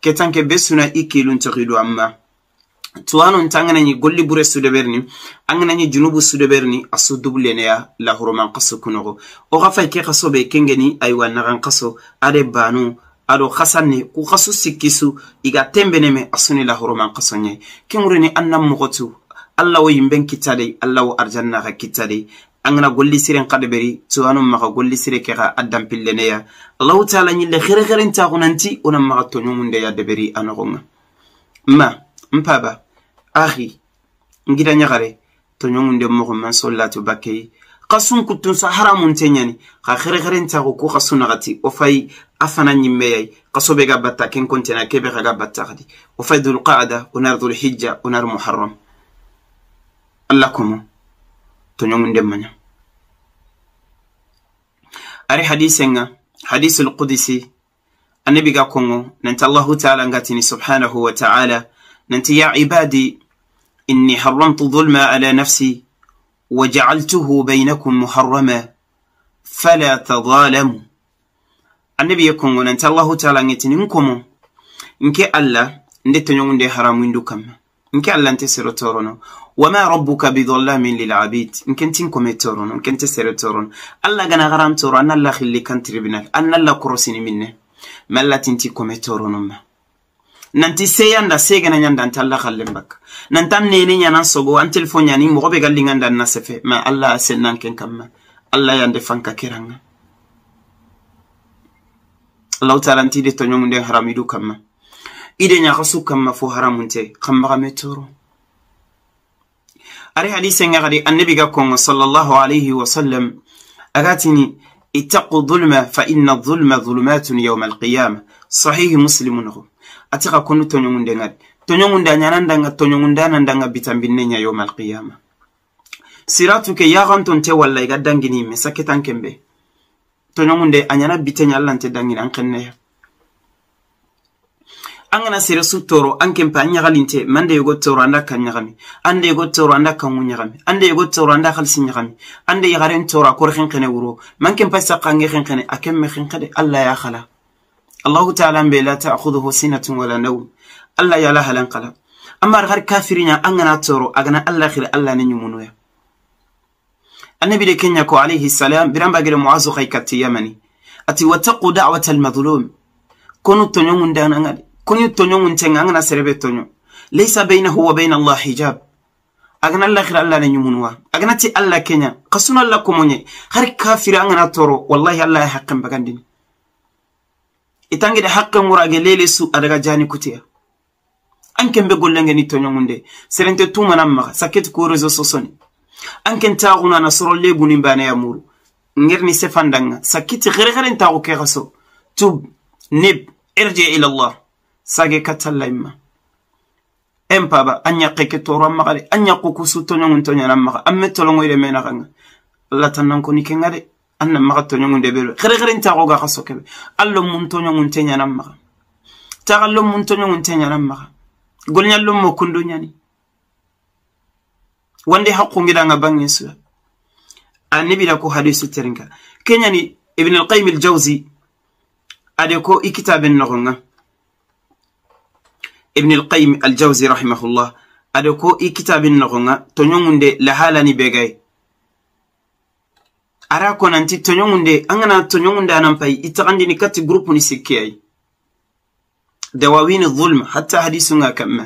ketanke be suna i kilun tohidu amma tuwanon ta angananyi golli bure sude berni angananyi junubu sude berni asu dubuleneya lahuroman kaso kunogo o gafai ke kaso be kengeni aiwa nagan kaso ade banu ado hasanne ku kaso sikkisu iga tembeneme asuni lahuroman kaso nyai kenwureni annan mogotu allah wo yimben kittadei allah wo arjannaga kittadei angana golli siren kada beri tuwanu maka golli sire keka addan pille neya Allahu ta'ala nyile khere khere nta kunanti una maka tonyo munde ya deberi anokonga ma mpaba ahi ngida nyakare tonyo munde mokum mansolatu bakkei kasun kutun sa haramu nte nyani kha khere khere nta kuku kasun agati ofai afana nyimbe yai kasobe gabata kenkonte na kebe gabata kadi ofai dhul qaada unar dhul hijja unar muharram Allah kumu تنيومن دمنا أري حديثنا حديث القدسي النبي قاكمو ننت الله تعالى نقاتني سبحانه وتعالى ننت يا عبادي إني حرمت الظلم على نفسي وجعلته بينكم محرما فلا تظالموا النبي يكون ننت الله تعالى نقاتني نكمو نكي الله ndete nyongunde haramu indukama nke nte sere tɔɔrɔnɔ wama rabbuka bidhallamin lilabid nti nkentin kome tɔɔrɔnɔ nte sere tɔɔrɔnɔ alla gana garam tɔɔrɔ anna la xilli kan tribunal anna la korosini minne ma alla tinti kome tɔɔrɔnɔ ma nanti seyanda segana ñanda nta alla xallen nanta nantan nene ñanan sogo an telefon ñani moxo be ga linganda na sefe ma alla sennan ken kamma alla yande fanka kiranga allahu taala ntide toñomunde haramidu kamma ide ñaxasu kamma fo haramunte xammaxame toro ari hadisenga xadi annabi ga kongo salallahu alayhi wasallam agatini ittaqu dulma fa inna dulma dulumatun yauma alqiyama sahihi muslimun xo ati xa konu toñongundengadi toñongunde a ñanandanga toñongunde anandanga bitambinne ña yauma alqiyama siratu ke yaxantonte walla iga dangini me sakketan kembe toñongunde a ñana biteñallante dangini an xenneya an kana sere su toro an kempe an ɲagalinte mande yogo toro anda kan ɲagami anda yogo toro anda kanŋu ɲagami anda yogo toro anda halisi ɲagami anda yagaren toro a kori xenxene wuro man kempa sakkange xenxene a kemme xenxede alla ya xala allahu taala mbe la taakuduhu sinatun wala naum alla yala halan xala amari xari kafirinɲa an gana toro a gana alla xiri alla ne ɲumunuya annabi de kenɲa ko alayhi salam biranba gere moazu xay katti yamani ati wattaku dawata almadlum konu toɲoŋundanaŋa de koñu toño ŋun ceŋ aŋana serebe toño laisa bainahu wa bain allah hijab agana lahira alla ne ñumunuwa aganati alla keña kasuno alla komoñe hari kafiri aŋana toro wallahi alla ye haqen bagandini itangede haqen wurage lele su adaga jani kutiya anken be gollenge ni toño ŋunde serente tumanan maga sakketi ko réseau sosoni anken taxuna na soro lebuni baneya muru ŋer ni sefandanga sakkiti herehere ntaxu ke xa so tub nib erje ilallah sage kaccallayimma en paba a ñakkeke toroanmaxade a ñakku ku su toñogun toñananmaxa an me tolongoyide menaxanga allah tannankoni kenga de an na maxa toñogun de ɓelo xerexerentaxoga xa sokeɓe an lo mun toñogun teñananmaxa taxa lo mun toñogun teñananmaxa golñan lo mo kundo ñani wande xaqungidanga bange suya a nebida ko hadisu terenka ke ñani ibnalqaim aljawsi ade ko i kitaben noxonga ibn al-qayyim al-jawzi rahimahullah ado ko i kitabin nogonga toɲongunde lahalani begay ara konanti toɲongunde an gana toɲongunde anan payi i taxandini kati gurupuni sikkeyai dawawini zulm hatta hadisunga kamma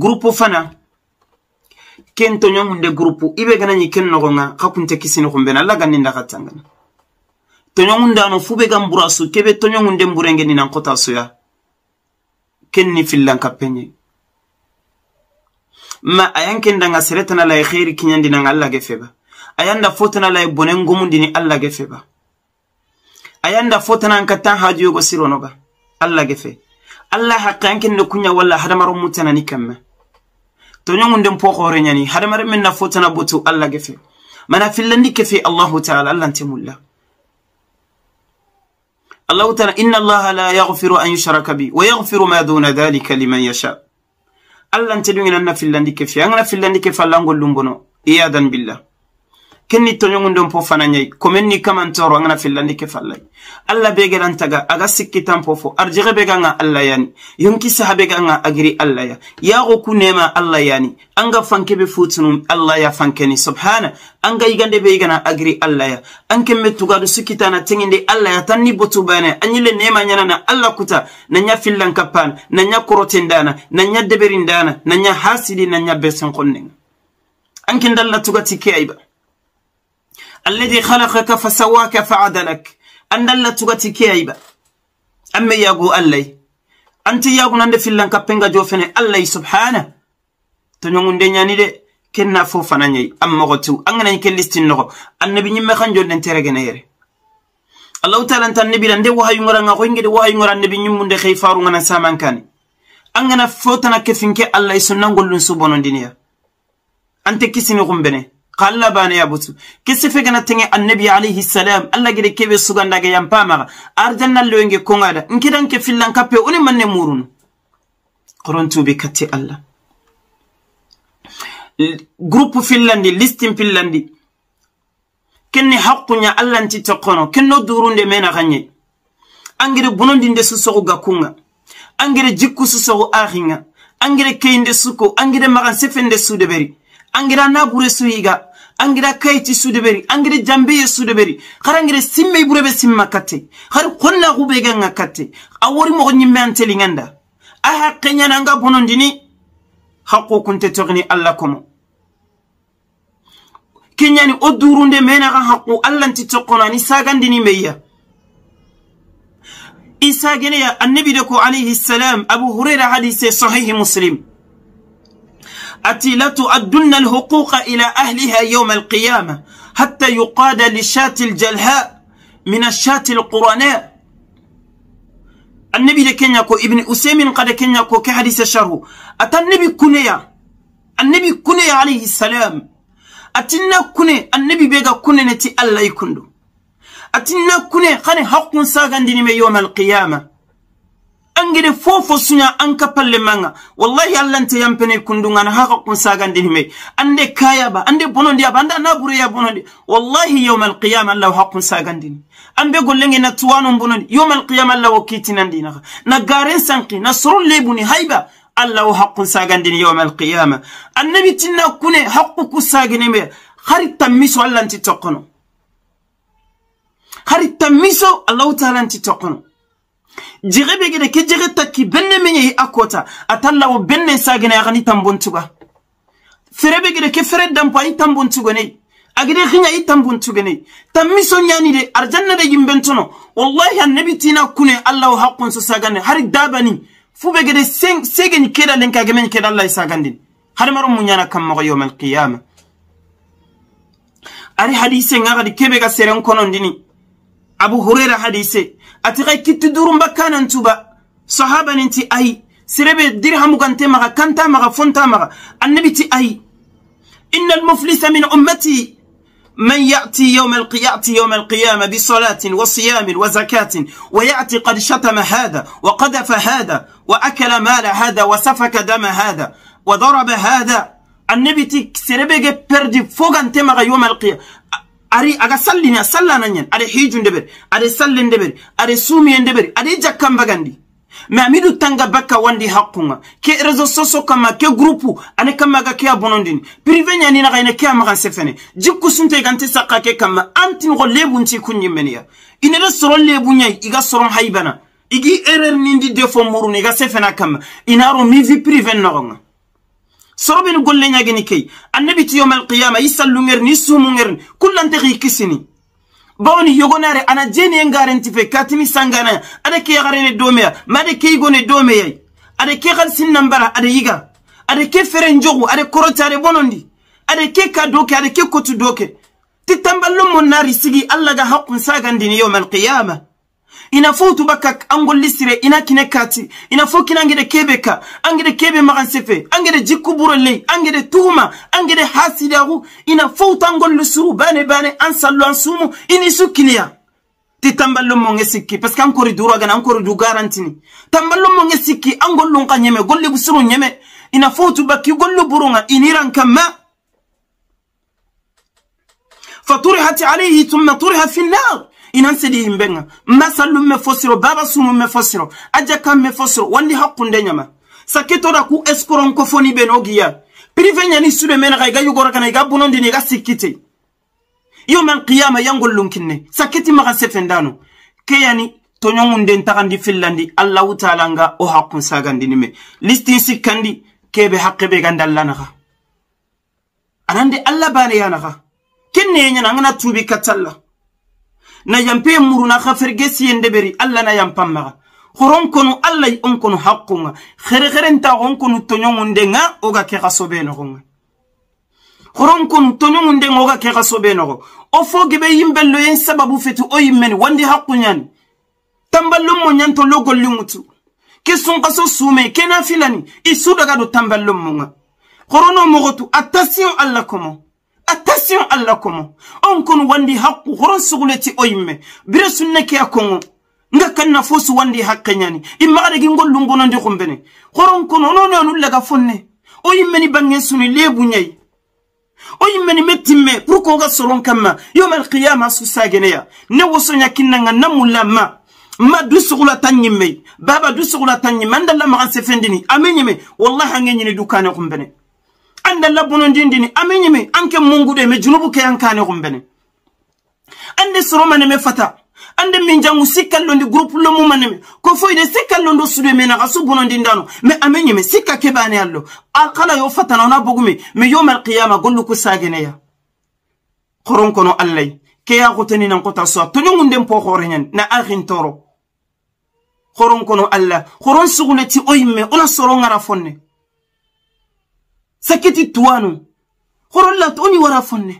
gurupu fana ken toɲongunde gurupu i be ganaɲi ken nogonga xa kunte kisini xunbena alla ganninda xa tangana toɲongunde ano fu be gan burasu kebe nan kenni fillankappeñe ma ayan kendanga seretanala e xeeri kiñandinan allah ge feba ayanda fotanala e bone ngumundini allah ge feba ayanda fotanan ka tan hajuyogo sironoga allah ge fe allah haqqe an kende kuña walla hadamaro mutanani kamma toñongunden po xooreñani hadamaren men na fotana botu allah ge fe mana fillandi ke fe allahu taala allah nte mulla الله تعالى إن الله لا يغفر أن يشرك به ويغفر ما دون ذلك لمن يشاء الله أنت أن في اللندك في أنا في اللندك فلنقول لنبنو إيادا بالله kenni toɲogundon po fana ɲai komen ni kaman toro angana fillandi ke fallai alla be gelan taga aga sikkitan po fo arjige be ganga alla yani yonki sahabe ganga agiri alla ya yago ku nema alla yani anga fanke be futunu alla ya fankeni subhana anga yigande be yigana agiri alla ya anke metugado sikkitana tenginde alla ya tan ni botu bane anyile nema ɲanana alla kuta na ɲa fillan kappan na ɲa korotendana na ɲa deberindana na ɲa hasidi na ɲa besenkondenga anke dalla tugati ke ayba alladi halakaka fa sawaka fa adalak andalla tugati keyayba anme yagu allay anti yagu nande fillan kappenga jofene allay subhana to yogunde yani de kenna fo fanayay anmogo tu anganayi ke listinnogo annabi yimme kan jonden teregeneyere allahu taala nta annabila nde wahayugora ga koy ngede wahayugora annabi yimmunde hey farugana samankani angana fotana ke finke allah sunna gollum subonodiniya ante kisini gumbene kalla bane yabutu kisi fe gana tenge annabi alayhi salam allah gede kebe suganda ga yam pamaga arjanna loyenge kongada nkidan ke fillan kape uni manne murun qorontu be katte allah groupe fillandi listin fillandi kenni haqqunya allah nti tokono kenno durunde mena ganye angire bunondinde susogo gakunga angire jikku susogo ahinga angire keyinde suko angire magan sefende sudeberi angira na gure suyiga angira kayti sudeɓeri angira jambeye sudeɓeri hara ngira simmey ɓuraɓe simma katte hara konna huɓeganga katte a wori moko ñimme anteli ganda a ha keñananga bonondini hakko kunte togini allah komo keñani o durunde menaka hakku allahnti tokkonani sagandini meyya isa geneya annabi de ko alayhi ssalam abu hurayra hadise sahihi muslim أتي لا تؤدن الحقوق إلى أهلها يوم القيامة حتى يقاد للشاة الجلهاء من الشاة القرناء النبي يكو ابن أسيم قد يكو كحديث شره أتى النبي كنيا النبي كنيا عليه السلام أتنا كني النبي بيغا كني نتي الله يكندو أتنا كني خاني حق ساغن ديني يوم القيامة angede fofo sunya anka palle manga wallahi allah nte yampene kundunga na haka kun sagande hime ande kaya ba ande bonondi ba ande nabure ya bonondi wallahi yawm alqiyama allah hakun sagande ni ambe gollenge na tuwano bonondi yawm alqiyama allah wakiti nandi na na garen sanki na surun lebuni haiba allah hakun sagande ni yawm alqiyama annabi tinna kune hakku kusagene me hari tammiso allah nti tokono hari tammiso allah ta'ala nti tokono jerebegede ke jere takki benne meñayi akkota a tallawo benne sagene arani tambontuga ferebegede ke fere dampo ayi tambontugoneyi agede hiña yi tambontugoneyi tammiso ñanide arjannade yimbentono wallahi annabi tina kune allaho hakkunso sagande hari dabani fubegede segeñi keda len kagemeñi keda allah sagandin hadamaro muñana kammoxo yowmalqiyama ari hadise ngaxadi kebega seren konondini أبو هريرة حديثة أتغي كت دورم بكان أنتوبا صحابة ننتي أي سرب الدرهم كانت مغا كانت مغا فونت مغا النبي تي أي إن المفلس من أمتي من يأتي يوم القيأتي يوم القيامة بصلاة وصيام وزكاة ويأتي قد شتم هذا وقذف هذا وأكل مال هذا وسفك دم هذا وضرب هذا النبي تي سرب جبردي فوق أنت مغا يوم القيامة ari aga sallini a sallananyen aɗa hiju ndeɓere aɗa salle ndeɓere aɗa suumi e ndeɓere aɗa jakka mbagandi mais amiɗu tanga bakka wandi hakkuga ke réseau soso kamma ke groupe ane kammaga ke a bonondini privé ñaninakayna ke a maxan sefene jikku suntei gante sakka ke kamma antin xo lebunci kunñimmeneya ineɗa soron lebu ñayi iga soron hay bana igi erreur nindi defo muruna iga sefena kamma inaro mi vi privé noxoga sorobin golle ñagini key annabi ti yoma alqiyama yi sallunger ni sumunger ni kullante xi kisini bawni yogonare ana jeniye ngarenti fe katimi sangana ada ke yaxarene domeya made ke yigone domeyay ada ke xal sinnambara ada yiga ada ke fere njogu ada korota ada bonondi ada ke ka doke ada ke kotu doke ti tambal lo mo nari sigi allah ga haqun sagandini yoma alqiyama inafo fo tun ba ina kine kati ina fo kina angede kebe ka angire kebe le angire tuma angire burollei angede tuhuma hasidaru ina fo tu bane bane an ansumu an sumu ini ti tamballo monge parce que encore duro agana encore du garantini tambalo mongesiki sikki angollun ka nyeme golli busuru nyeme inafo fo tu gollu burunga iniran kamma فطرحت عليه ثم طرح في النار inan sidi himɓega masallum me fosiro baba sumu me fosiro ajakam me fosiro wandi hakkunde ñama sakketoɗa ku escoron ko foni ɓe no giya prive ñani suɓe mena ka iga yugora kana iga bunondini iga sikkite yo man qiyama yangol lunkinne sakketimaxa sefendano keyani to ñogunden taxandi fillandi allahu taala nga o hakkun sagandini me listin sikkandi keɓe hakqe ɓe gandi allah naxa anande allah baneyanaxa ken neyeñana a gana tuubi kattallah nayam pe muruna hafirge siyende ɓeri allah nayam pammaga horon kono allahy on kono hakkonga herherenta hon kono toyogunde ga oga keha sobenogoga horon kono toyogunde oga keha sobenogo o fo geɓe yimbelloyen sababu feti o yimmeni wandi hakkuyani tambalon mo yanto lo gollimutu ke sunkaso sume kena filani i sudagaɗo tambalon moga horono mogotu a tasiyon allah komo question allah ko mo on kono wandi hakku horon sugleti o yimme bire sunnake a kongo gakkanna fo su wandi hakke ñani immaaregi ngollungonondi kumbene horon kono onone anullaga fonne o yimmeni bangen suni lebu ñayi o yimmeni mettinme pour koga solon kamma yomal qiyama su sageneya ne wosoña kinnaga namulla ma ma du sugula tan ñimmeyi baba du sugula tan ñimme andallamaxan se fendini ameñeme wallahi ange ñini dukane kumbene annde labbuno ndindi ni amiñimi anke munguɗe mi junubu ke ankane kom bene annde soromane mi fata annde min jangu sikkallo ndi groupe lomumanemi ko foyde sikkallo ndo suɗu e min aka subbuno ndindano mi amiñimi sikka keɓani allo alkala yo fatana ona bogumi mi yoma alqiyama gollu ko sagueneya koronkono allay keya kotani nan kota soa toñogunden po hoore ñan na ahintoro horonkono allah horon sugunati o yimme ona soro gara fonne sakkiti tuwano horolla to oni wara fonne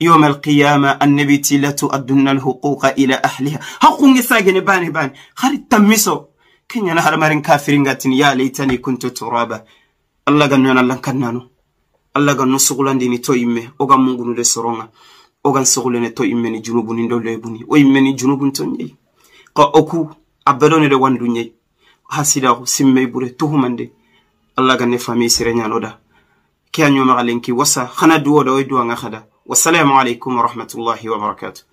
yoma alqiyama annabi tilatu adunna alhuquqa ila ahliha hakkungesagene bane bane hari tammiso kenyana hara marin kafiringatini ya leytani kunto toraba allah gan noyan allah kannano allah gan no sugulandini to imme ogan mungunude soronga ogan sugulene to immeni junubuni ndo lebuni o immeni junubun to yeyi ka oku abbedonede wandu yeyi hasidaku simmey bure tuhumande allah gande fami sireñal oɗa ke a ñoma xa lenki wasa xana duwoɗa o duwanga xada wassalamu aleykum warahmatullahi wabarakatu